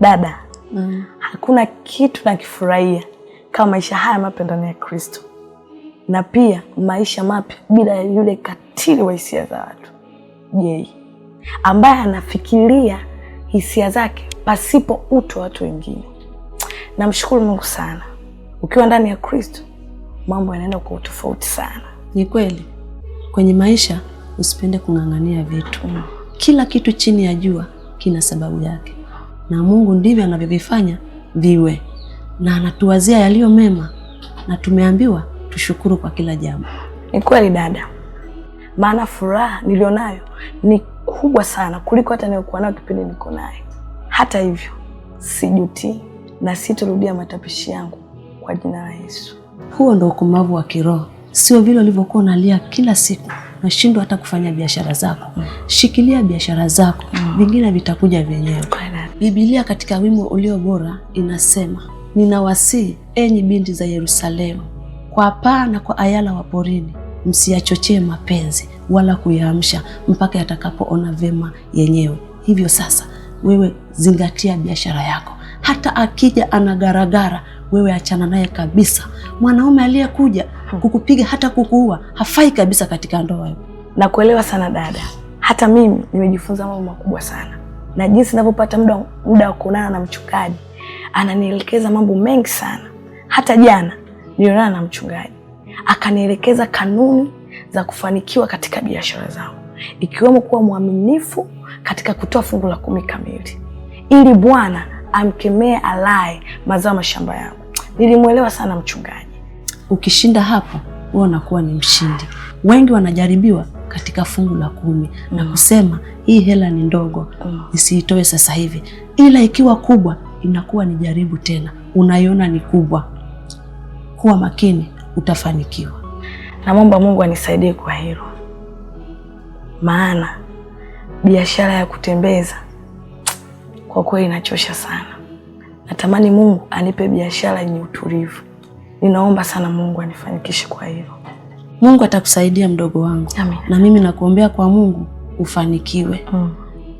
dada mm. hakuna kitu nakifurahia kama maisha haya mapya ndani ya Kristo, na pia maisha mapya bila ya yule katili wa hisia za watu Jei, ambaye anafikiria hisia zake pasipo utu wa watu wengine. Namshukuru Mungu sana, ukiwa ndani ya Kristo mambo yanaenda kwa utofauti sana. Ni kweli, kwenye maisha usipende kung'ang'ania vitu. Kila kitu chini ya jua kina sababu yake na Mungu ndivyo anavyovifanya viwe, na anatuwazia yaliyo mema, na tumeambiwa tushukuru kwa kila jambo. Ni kweli dada, maana furaha nilionayo ni kubwa sana kuliko hata niliyokuwa nayo kipindi niko naye. Hata hivyo, sijuti na sitorudia matapishi yangu kwa jina la Yesu. Huo ndo ukomavu wa kiroho, sio vile ulivyokuwa unalia kila siku nashindwa hata kufanya biashara zako. Mm. Shikilia biashara zako, mm. vingine vitakuja vyenyewe. Biblia katika wimbo ulio bora inasema, ninawasii enyi binti za Yerusalemu, kwa paa na kwa ayala wa porini, msiyachochee mapenzi wala kuyaamsha mpaka yatakapoona vema yenyewe. Hivyo sasa, wewe zingatia biashara yako. Hata akija anagaragara, wewe achana naye kabisa. Mwanaume aliyekuja kukupiga hata kukuua hafai kabisa katika ndoa. Nakuelewa sana dada, hata mimi nimejifunza mambo makubwa sana na jinsi ninavyopata muda muda wa kuonana na mchungaji, ananielekeza mambo mengi sana. Hata jana nilionana na mchungaji, akanielekeza kanuni za kufanikiwa katika biashara zangu, ikiwemo kuwa mwaminifu katika kutoa fungu la kumi kamili, ili Bwana amkemee alaye mazao mashamba yangu. Nilimwelewa sana mchungaji. Ukishinda hapo, wewe unakuwa ni mshindi. Wengi wanajaribiwa katika fungu la kumi na mm. kusema hii hela ni ndogo mm. isiitoe sasa hivi, ila ikiwa kubwa inakuwa ni jaribu tena, unaiona ni kubwa. Kuwa makini, utafanikiwa. Namwomba Mungu anisaidie kwa hilo, maana biashara ya kutembeza kwa kweli inachosha sana. Natamani Mungu anipe biashara yenye utulivu. Ninaomba sana Mungu anifanikishe kwa hilo. Mungu atakusaidia mdogo wangu. Amen. Na mimi nakuombea kwa Mungu ufanikiwe. Mm.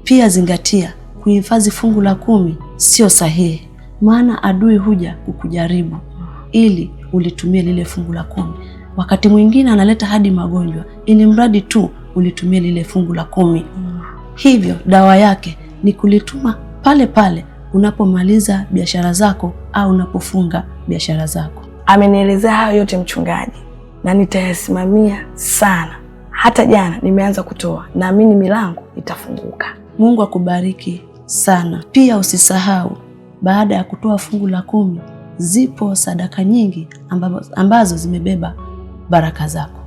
Pia zingatia kuhifadhi fungu la kumi sio sahihi, maana adui huja kukujaribu ili ulitumie lile fungu la kumi. Wakati mwingine analeta hadi magonjwa, ili mradi tu ulitumie lile fungu la kumi. Mm. Hivyo dawa yake ni kulituma pale pale unapomaliza biashara zako au unapofunga biashara zako. Amenielezea hayo yote mchungaji, na nitayasimamia sana hata jana nimeanza kutoa, naamini milango itafunguka. Mungu akubariki sana. Pia usisahau baada ya kutoa fungu la kumi, zipo sadaka nyingi ambazo, ambazo zimebeba baraka zako.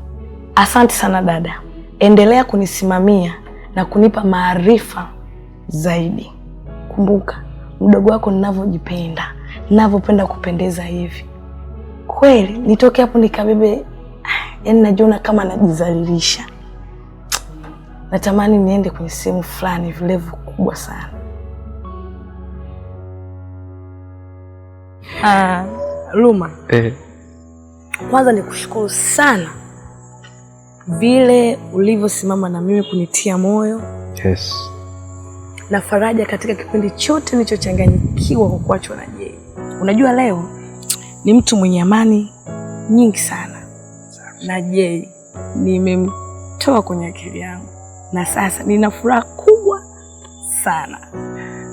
Asante sana dada, endelea kunisimamia na kunipa maarifa zaidi. Kumbuka mdogo wako, ninavyojipenda ninavyopenda kupendeza hivi kweli, nitoke hapo nikabebe yani najiona kama najizalilisha. Natamani niende kwenye sehemu fulani, vilevu kubwa sana. Uh, Luma eh, kwanza nikushukuru sana vile ulivyosimama na mimi kunitia moyo yes, na faraja katika kipindi chote nilichochanganyikiwa kwa kuachwa na Jei. Unajua leo ni mtu mwenye amani nyingi sana na je, nimemtoa kwenye akili yangu, na sasa nina furaha kubwa sana.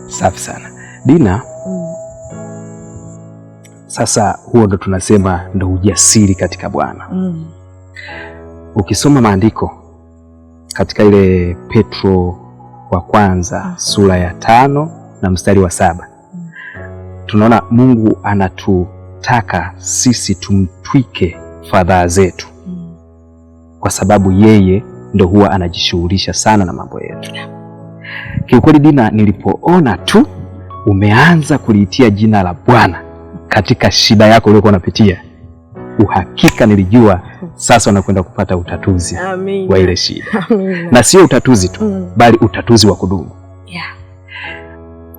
Safi sana Dina. Mm. Sasa huo ndo tunasema ndo ujasiri katika Bwana. Mm. Ukisoma maandiko katika ile Petro wa kwanza mm, sura ya tano na mstari wa saba mm, tunaona Mungu anatutaka sisi tumtwike fadhaa zetu kwa sababu yeye ndo huwa anajishughulisha sana na mambo yetu. Kiukweli Dina, nilipoona tu umeanza kuliitia jina la Bwana katika shida yako uliyokuwa unapitia, uhakika nilijua sasa unakwenda kupata utatuzi wa ile shida Amina. na sio utatuzi tu mm. bali utatuzi wa kudumu yeah.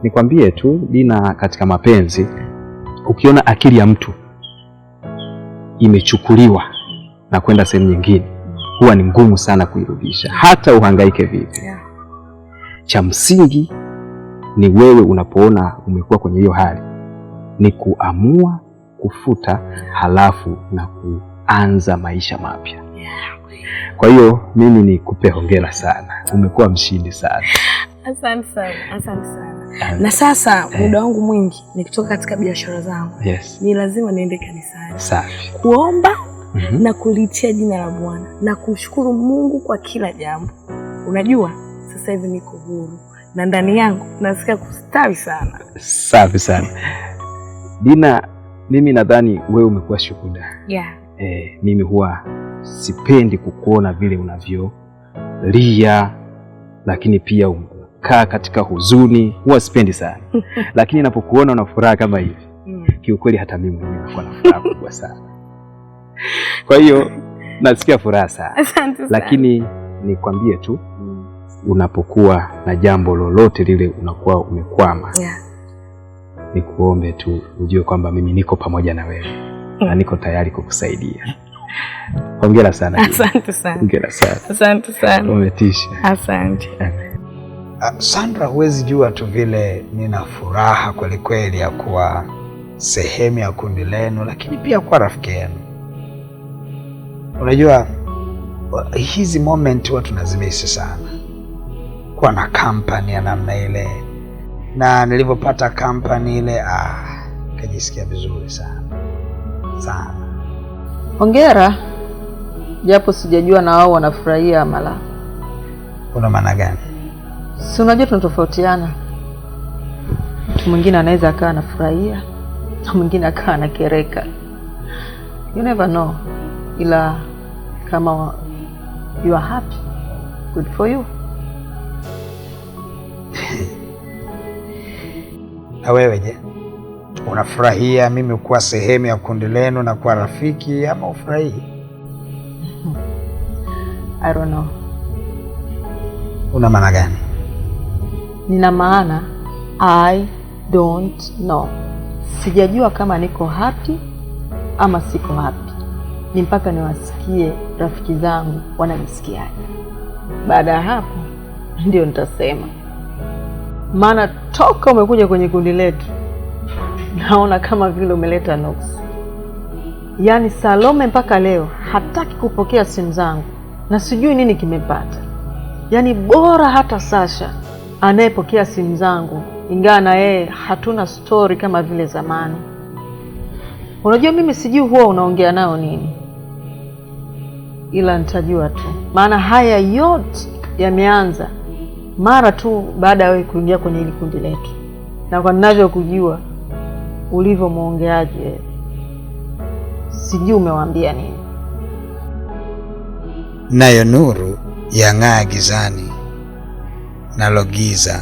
Nikwambie tu Dina, katika mapenzi ukiona akili ya mtu imechukuliwa na kwenda sehemu nyingine huwa ni ngumu sana kuirudisha, hata uhangaike vipi. Yeah. Cha msingi ni wewe unapoona umekuwa kwenye hiyo hali, ni kuamua kufuta, halafu na kuanza maisha mapya. Kwa hiyo mimi ni kupe hongera sana, umekuwa mshindi sana. Asante sana, asante sana. Na sasa eh. muda wangu mwingi nikitoka katika biashara zangu, yes, ni lazima niende kanisani kuomba -hmm. na kulitia jina la Bwana na kushukuru Mungu kwa kila jambo. Unajua sasa hivi niko huru na ndani yangu nasikia kustawi sana. Safi sana Dina, mimi nadhani wewe umekuwa shuhuda yeah. Eh, mimi huwa sipendi kukuona vile unavyolia, lakini pia ukaa katika huzuni, huwa sipendi sana lakini napokuona una furaha kama hivi mm. Kiukweli hata mimi mwenyewe nakuwa na furaha kubwa sana kwa hiyo nasikia furaha sana, lakini nikwambie tu mm. unapokuwa na jambo lolote lile unakuwa umekwama yeah. Nikuombe tu ujue kwamba mimi niko pamoja na wewe mm. na niko tayari kukusaidia. Hongera sana. Asante sana. Hongera sana. Asante sana. Umetisha. Asante. Ah, Sandra, huwezi jua tu vile nina furaha kwelikweli ya kuwa sehemu ya kundi lenu, lakini pia kuwa rafiki yenu Unajua hizi moment watu nazimisi sana, kuwa na kampani ya namna ile, na nilivyopata kampani ile, ah, kajisikia vizuri sana sana. Hongera, japo sijajua na wao wanafurahia amala Una maana gani? Si unajua tunatofautiana, mtu mwingine anaweza akawa anafurahia na mwingine akawa anakereka. You never know ila kama you are happy, good for you. Na wewe je, unafurahia mimi kuwa sehemu ya kundi lenu na kuwa rafiki ama ufurahii? I don't know. Una maana gani? Nina maana I don't know. Sijajua kama niko happy ama siko happy ni mpaka niwasikie rafiki zangu wanajisikiaje. Baada ya hapo ndio nitasema, maana toka umekuja kwenye kundi letu naona kama vile umeleta nuksi. Yaani Salome mpaka leo hataki kupokea simu zangu na sijui nini kimepata. Yaani bora hata Sasha anayepokea simu zangu, ingawa na yeye hatuna stori kama vile zamani. Unajua, mimi sijui huwa unaongea nao nini, ila nitajua tu, maana haya yote yameanza mara tu baada ya wewe kuingia kwenye hili kundi letu, na kwa ninavyokujua ulivyo mwongeaji, sijui umewaambia nini. Nayo nuru yang'aa gizani, nalo giza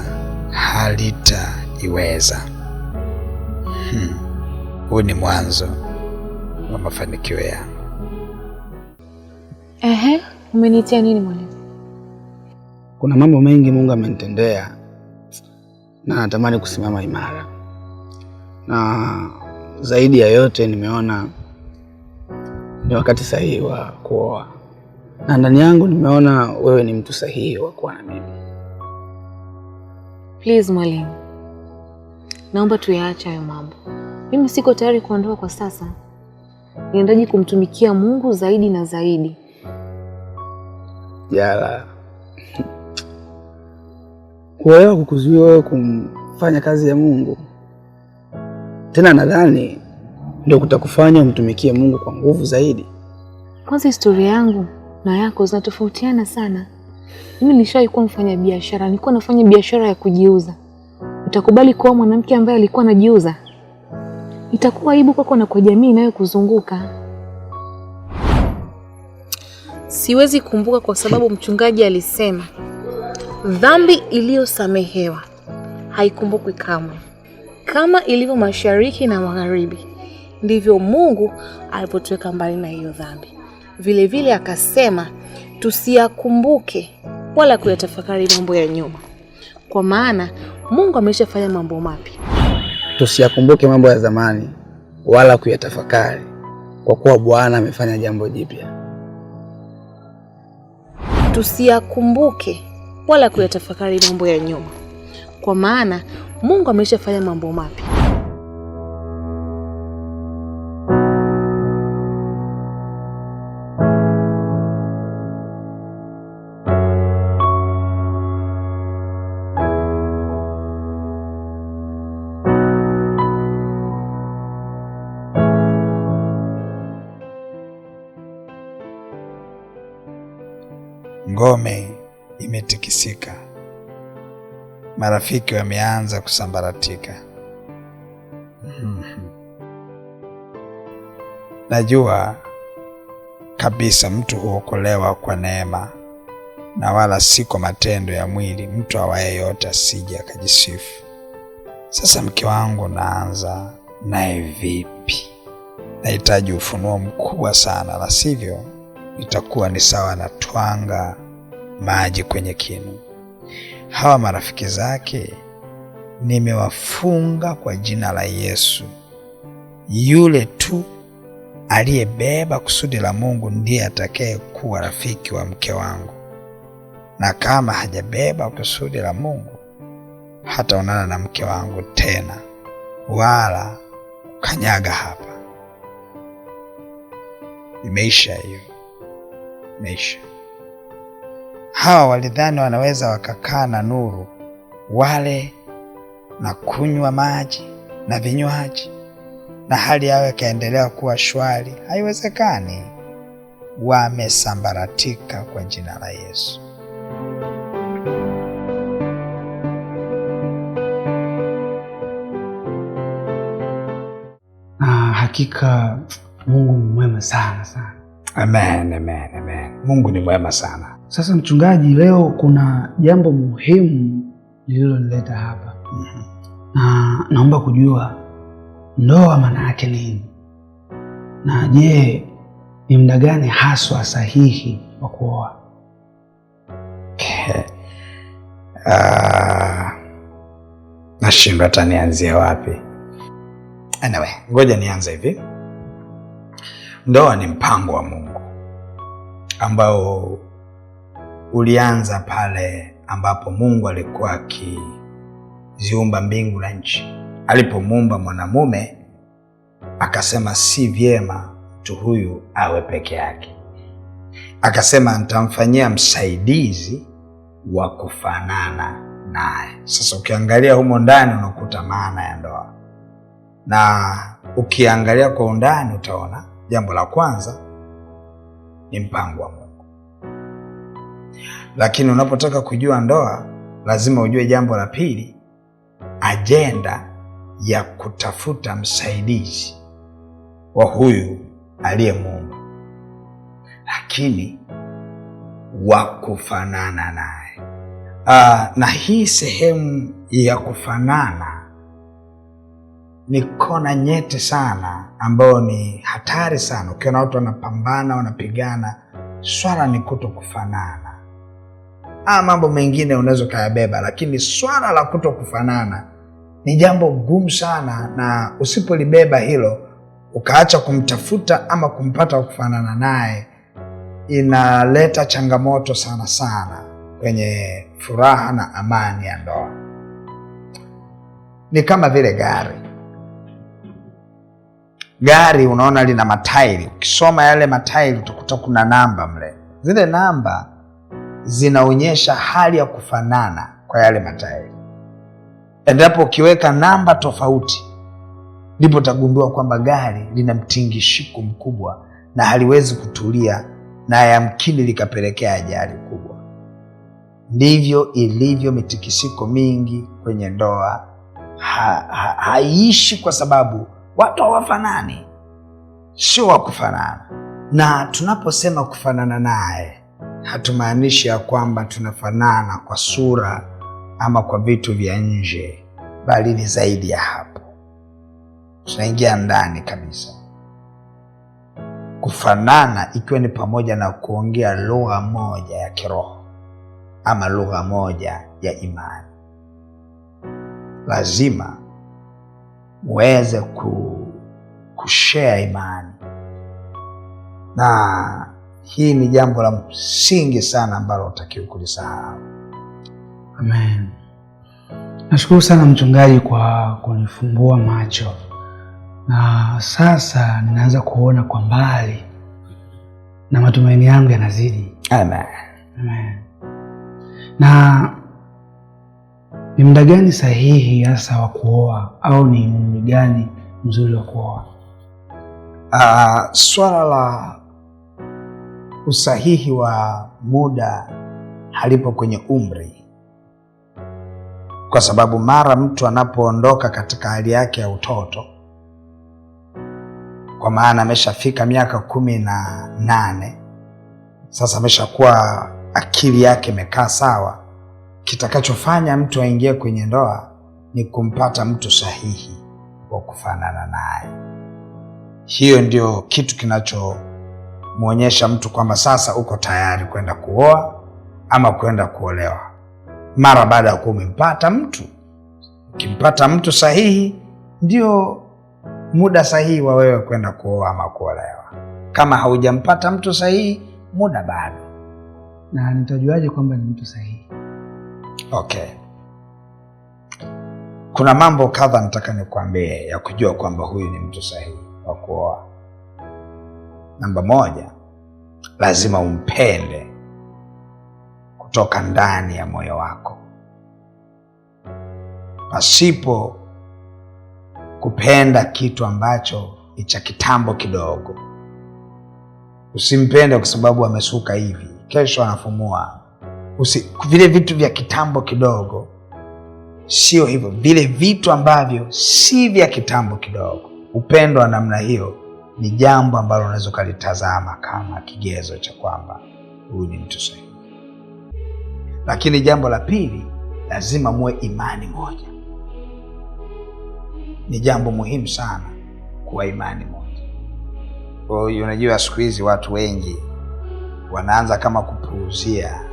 halitaiweza. Hmm, huu hmm, ni mwanzo wa mafanikio yangu. Ehe, umenitia nini mwalimu? Kuna mambo mengi Mungu amenitendea na natamani kusimama imara, na zaidi ya yote nimeona ni wakati sahihi wa kuoa, na ndani yangu nimeona wewe ni mtu sahihi wa kuwa na mimi. Please mwalimu, naomba tuyaache hayo mambo. Mimi siko tayari kuondoa kwa sasa, niendaji kumtumikia Mungu zaidi na zaidi jala kuolewa kukuzuia wewe kumfanya kazi ya Mungu. Tena nadhani ndio kutakufanya umtumikie Mungu kwa nguvu zaidi. Kwanza historia yangu na yako zinatofautiana sana. Mimi nishawahi kuwa mfanya biashara, nilikuwa nafanya biashara ya kujiuza. Utakubali kuwa mwanamke ambaye alikuwa anajiuza? Itakuwa aibu kwako na kwa jamii inayokuzunguka. Siwezi kumbuka kwa sababu mchungaji alisema dhambi iliyosamehewa haikumbukwi kamwe. Kama ilivyo mashariki na magharibi, ndivyo Mungu alipotuweka mbali na hiyo dhambi. Vilevile vile akasema tusiyakumbuke wala kuyatafakari mambo ya nyuma, kwa maana Mungu ameshafanya mambo mapya. Tusiyakumbuke mambo ya zamani wala kuyatafakari, kwa kuwa Bwana amefanya jambo jipya tusiyakumbuke wala kuyatafakari mambo ya nyuma, kwa maana Mungu ameshafanya mambo mapya Ngome imetikisika, marafiki wameanza kusambaratika. Mhm. Najua kabisa mtu huokolewa kwa neema na wala si kwa matendo ya mwili, mtu awaye yote asije akajisifu. Sasa mke wangu naanza naye vipi? Nahitaji ufunuo mkubwa sana, la sivyo nitakuwa ni sawa na twanga maji kwenye kinu. Hawa marafiki zake nimewafunga kwa jina la Yesu. Yule tu aliyebeba kusudi la Mungu ndiye kuwa rafiki wa mke wangu, na kama hajabeba kusudi la Mungu hataonana na mke wangu tena wala kanyaga hapa. Imeisha hiyo, imeisha hawa walidhani wanaweza wakakaa na nuru, wale na kunywa maji na vinywaji, na hali yao ikaendelea kuwa shwari. Haiwezekani. Wamesambaratika kwa jina la Yesu. Ah, hakika Mungu ni mwema sana sana. Amen, amen. Mungu ni mwema sana. Sasa mchungaji, leo kuna jambo muhimu lililonileta hapa mm -hmm. na naomba kujua ndoa maana yake nini, na je, ni muda gani haswa sahihi wa kuoa? Okay. Uh, eh, ah, nashindwa hata nianzie wapi. Anyway, ngoja nianze hivi. Ndoa ni mpango wa Mungu ambao ulianza pale ambapo Mungu alikuwa akiziumba mbingu na nchi. Alipomuumba mwanamume akasema, si vyema mtu huyu awe peke yake, akasema nitamfanyia msaidizi wa kufanana naye. Sasa ukiangalia humo ndani unakuta maana ya ndoa, na ukiangalia kwa undani utaona jambo la kwanza ni mpango wa Mungu. Lakini unapotaka kujua ndoa, lazima ujue jambo la pili, ajenda ya kutafuta msaidizi wa huyu aliyemuumba, lakini wa kufanana naye. Uh, na hii sehemu ya kufanana ni kona nyeti sana ambayo ni hatari sana. Ukiona watu wanapambana, wanapigana, swala ni kuto kufanana. Haya mambo mengine unaweza ukayabeba, lakini swala la kuto kufanana ni jambo gumu sana, na usipolibeba hilo ukaacha kumtafuta ama kumpata wa kufanana naye, inaleta changamoto sana sana kwenye furaha na amani ya ndoa. Ni kama vile gari gari unaona lina matairi, ukisoma yale matairi utakuta kuna namba mle, zile namba zinaonyesha hali ya kufanana kwa yale matairi. Endapo ukiweka namba tofauti, ndipo utagundua kwamba gari lina mtingishiko mkubwa na haliwezi kutulia, na yamkini likapelekea ajali kubwa. Ndivyo ilivyo mitikisiko mingi kwenye ndoa, ha, ha, ha, kwa sababu watu hawafanani, sio wa kufanana. Na tunaposema kufanana naye, hatumaanishi ya kwamba tunafanana kwa sura ama kwa vitu vya nje, bali ni zaidi ya hapo. Tunaingia ndani kabisa. Kufanana ikiwa ni pamoja na kuongea lugha moja ya kiroho ama lugha moja ya imani, lazima uweze kushea imani, na hii ni jambo la msingi sana ambalo utakiwa kulisahau. Amen. Nashukuru sana mchungaji kwa kunifumbua macho, na sasa ninaanza kuona kwa mbali na matumaini yangu yanazidi. Amen. Amen. Na ni muda gani sahihi hasa wa kuoa au ni umri gani mzuri wa kuoa? Uh, swala la usahihi wa muda halipo kwenye umri, kwa sababu mara mtu anapoondoka katika hali yake ya utoto, kwa maana ameshafika miaka kumi na nane, sasa ameshakuwa akili yake imekaa sawa kitakachofanya mtu aingie kwenye ndoa ni kumpata mtu sahihi wa kufanana naye. Hiyo ndio kitu kinachomwonyesha mtu kwamba sasa uko tayari kwenda kuoa ama kwenda kuolewa, mara baada ya kuwa umempata mtu. Ukimpata mtu sahihi, ndio muda sahihi wa wewe kwenda kuoa ama kuolewa. Kama haujampata mtu sahihi, muda bado. Na nitajuaje kwamba ni mtu sahihi? Okay, kuna mambo kadha nataka nikuambie ya kujua kwamba huyu ni mtu sahihi wa kuoa. Namba moja, lazima umpende kutoka ndani ya moyo wako. Pasipo kupenda kitu ambacho ni cha kitambo kidogo, usimpende kwa sababu amesuka hivi, kesho anafumua usi, vile vitu vya kitambo kidogo sio hivyo, vile vitu ambavyo si vya kitambo kidogo. Upendo wa namna hiyo ni jambo ambalo unaweza ukalitazama kama kigezo cha kwamba huyu ni mtu sahihi. Lakini jambo la pili, lazima muwe imani moja. Ni jambo muhimu sana kuwa imani moja. Kwa hiyo unajua, siku hizi watu wengi wanaanza kama kupuuzia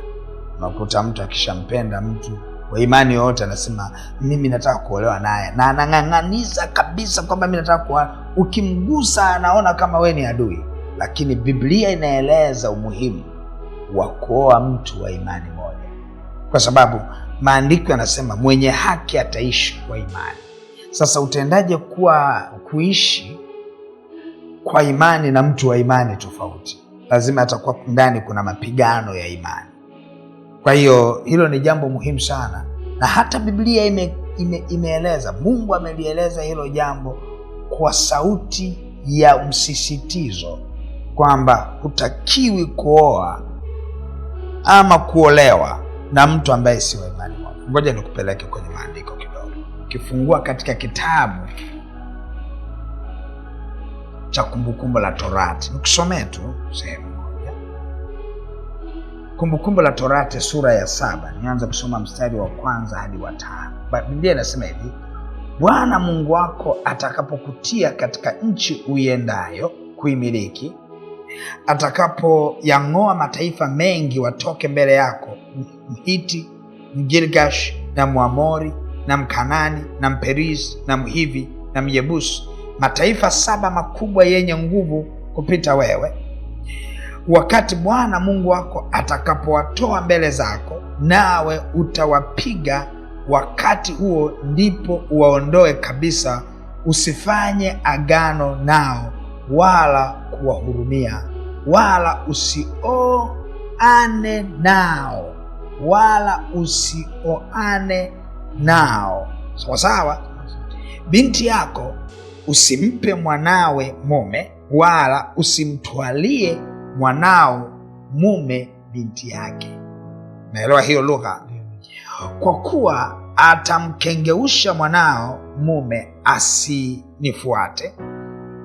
Unakuta mtu akishampenda mtu kwa imani yoyote, anasema mimi nataka kuolewa naye, na anang'ang'aniza kabisa kwamba mimi nataka kuwa Ukimgusa anaona kama wewe ni adui, lakini Biblia inaeleza umuhimu wa kuoa mtu wa imani moja, kwa sababu maandiko yanasema mwenye haki ataishi kwa imani. Sasa utaendaje kuwa kuishi kwa imani na mtu wa imani tofauti? Lazima atakuwa ndani kuna mapigano ya imani. Kwa hiyo hilo ni jambo muhimu sana, na hata Biblia ime, ime, imeeleza Mungu amelieleza hilo jambo kwa sauti ya msisitizo kwamba hutakiwi kuoa ama kuolewa na mtu ambaye si wa imani mwako. Ngoja nikupeleke kwenye maandiko kidogo, ukifungua katika kitabu cha Kumbukumbu la Torati nikusomee tu sehemu Kumbukumbu la Torati sura ya saba nianza kusoma mstari wa kwanza hadi wa tano. Biblia inasema hivi: Bwana Mungu wako atakapokutia katika nchi uiendayo kuimiliki, atakapoyang'oa mataifa mengi watoke mbele yako, Mhiti, Mgirgash na Mwamori na Mkanani na Mperizi na Mhivi na Myebusi, mataifa saba makubwa yenye nguvu kupita wewe wakati Bwana Mungu wako atakapowatoa mbele zako, nawe utawapiga wakati huo, ndipo uwaondoe kabisa. Usifanye agano nao wala kuwahurumia, wala usioane nao, wala usioane nao. Sawa sawa. Binti yako usimpe mwanawe mume, wala usimtwalie mwanao, mume, binti yake. Naelewa hiyo lugha, kwa kuwa atamkengeusha mwanao mume asinifuate,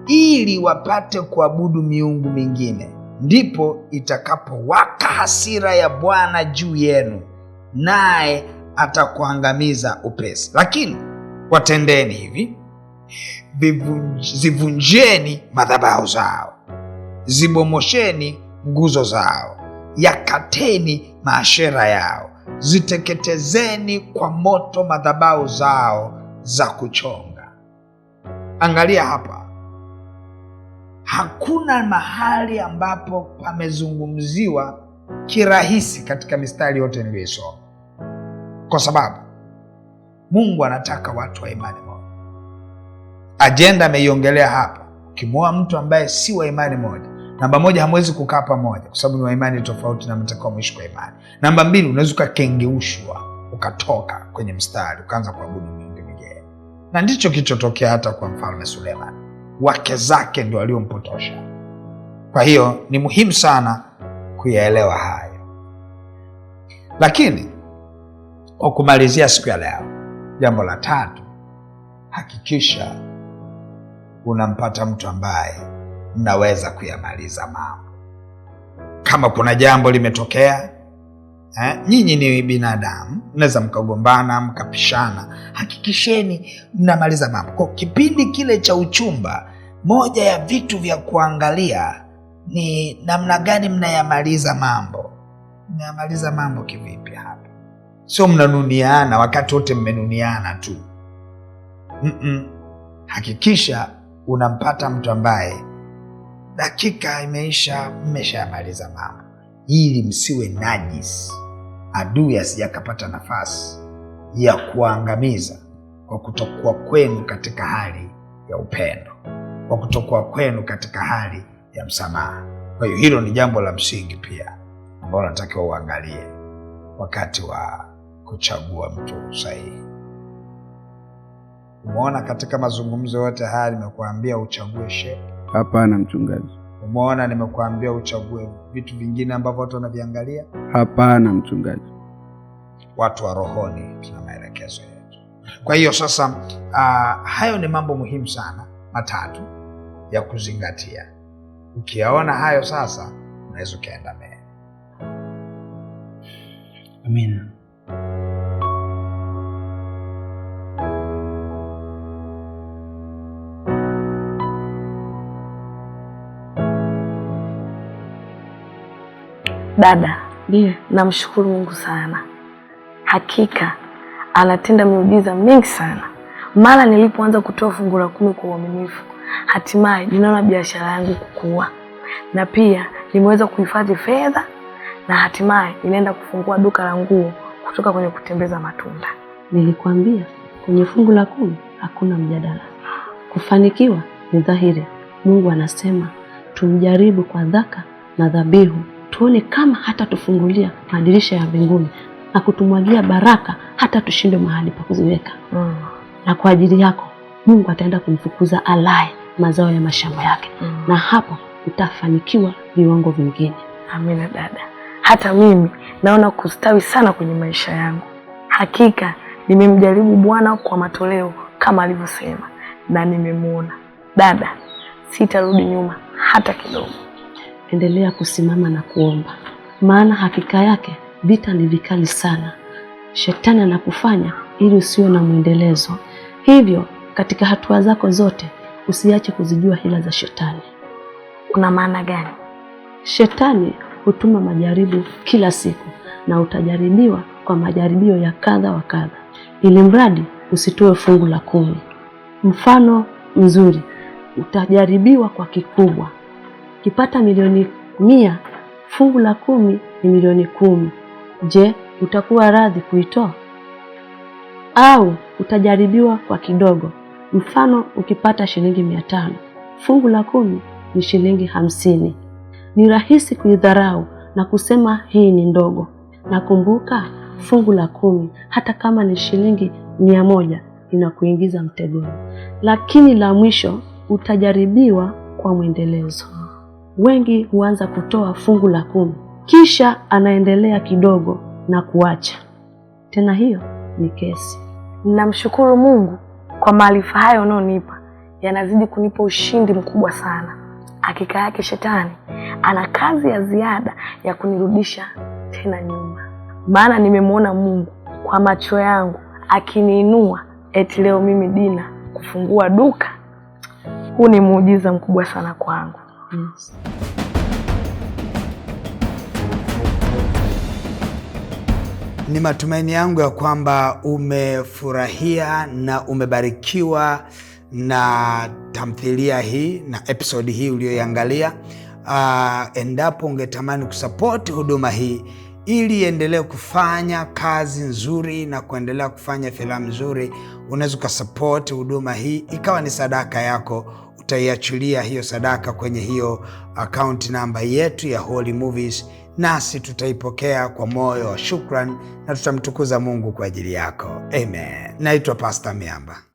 ili wapate kuabudu miungu mingine. Ndipo itakapowaka hasira ya Bwana juu yenu, naye atakuangamiza upesi. Lakini watendeni hivi: zivunjeni madhabahu zao zibomosheni nguzo zao, yakateni maashera yao, ziteketezeni kwa moto madhabahu zao za kuchonga. Angalia hapa, hakuna mahali ambapo pamezungumziwa kirahisi katika mistari yote niliyoisoma, kwa sababu Mungu anataka watu wa imani moja. Ajenda ameiongelea hapa. Ukimwoa mtu ambaye si wa imani moja namba moja hamwezi kukaa pamoja kwa sababu ni waimani tofauti na mtakao mwishi kwa imani namba mbili unaweza ukakengeushwa ukatoka kwenye mstari ukaanza kuabudu miungu mingine, na ndicho kilichotokea hata kwa mfalme suleiman wake zake ndo waliompotosha kwa hiyo ni muhimu sana kuyaelewa hayo lakini kwa kumalizia siku ya leo jambo la tatu hakikisha unampata mtu ambaye mnaweza kuyamaliza mambo. Kama kuna jambo limetokea eh, nyinyi ni binadamu, mnaweza mkagombana mkapishana, hakikisheni mnamaliza mambo kwa kipindi kile cha uchumba. Moja ya vitu vya kuangalia ni namna gani mnayamaliza mambo. Mnayamaliza mambo kivipi hapa? Sio mnanuniana wakati wote, mmenuniana tu. Mm-mm. Hakikisha unampata mtu ambaye dakika imeisha, mmeshayamaliza mama ili msiwe najis, adui asijakapata nafasi ya kuangamiza kwa kutokuwa kwenu katika hali ya upendo, kwa kutokuwa kwenu katika hali ya msamaha. Kwa hiyo hilo ni jambo la msingi pia ambalo natakiwa uangalie wakati wa kuchagua mtu sahihi. Umeona katika mazungumzo yote haya nimekuambia uchague shepu Hapana mchungaji. Umeona, nimekuambia uchague vitu vingine ambavyo watu wanaviangalia. Hapana mchungaji, watu wa rohoni tuna maelekezo yetu. Kwa hiyo sasa, uh, hayo ni mambo muhimu sana matatu ya kuzingatia. Ukiyaona hayo sasa, unaweza ukaenda mbele. Amina. Dada, ndiyo, namshukuru Mungu sana, hakika anatenda miujiza mingi sana. Mara nilipoanza kutoa fungu la kumi kwa uaminifu, hatimaye ninaona biashara yangu kukua, na pia nimeweza kuhifadhi fedha, na hatimaye inaenda kufungua duka la nguo kutoka kwenye kutembeza matunda. Nilikwambia kwenye fungu la kumi hakuna mjadala. Kufanikiwa ni dhahiri. Mungu anasema tumjaribu kwa dhaka na dhabihu tuone kama hata tufungulia madirisha ya mbinguni na kutumwagia baraka hata tushindwe mahali pa kuziweka mm. na kwa ajili yako Mungu ataenda kumfukuza alaye mazao ya mashamba yake mm. na hapo utafanikiwa viwango vingine. Amina dada, hata mimi naona kustawi sana kwenye maisha yangu. Hakika nimemjaribu Bwana kwa matoleo kama alivyosema na nimemwona. Dada, sitarudi nyuma hata kidogo endelea kusimama na kuomba, maana hakika yake vita ni vikali sana. Shetani anakufanya ili usiwe na mwendelezo, hivyo katika hatua zako zote usiache kuzijua hila za shetani. Kuna maana gani? Shetani hutuma majaribu kila siku, na utajaribiwa kwa majaribio ya kadha wa kadha, ili mradi usitoe fungu la kumi. Mfano mzuri, utajaribiwa kwa kikubwa ukipata milioni mia fungu la kumi ni milioni kumi. Je, utakuwa radhi kuitoa au utajaribiwa kwa kidogo? Mfano, ukipata shilingi mia tano fungu la kumi ni shilingi hamsini. Ni rahisi kuidharau na kusema hii ni ndogo. Nakumbuka fungu la kumi, hata kama ni shilingi mia moja inakuingiza mtegoni. Lakini la mwisho utajaribiwa kwa mwendelezo wengi huanza kutoa fungu la kumi, kisha anaendelea kidogo na kuacha tena. Hiyo ni kesi. namshukuru Mungu kwa maarifa hayo unayonipa yanazidi kunipa ushindi mkubwa sana. Hakika yake shetani ana kazi ya ziada ya kunirudisha tena nyuma, maana nimemwona Mungu kwa macho yangu akiniinua eti leo mimi Dina kufungua duka. Huu ni muujiza mkubwa sana kwangu darkness. Ni matumaini yangu ya kwamba umefurahia na umebarikiwa na tamthilia hii na episodi hii uliyoiangalia. Uh, endapo ungetamani kusapoti huduma hii ili iendelee kufanya kazi nzuri na kuendelea kufanya filamu nzuri, unaweza ukasapoti huduma hii ikawa ni sadaka yako tutaiachilia hiyo sadaka kwenye hiyo akaunti namba yetu ya Holy Movies, nasi tutaipokea kwa moyo wa shukran na tutamtukuza Mungu kwa ajili yako. Amen. Naitwa Pastor Miamba.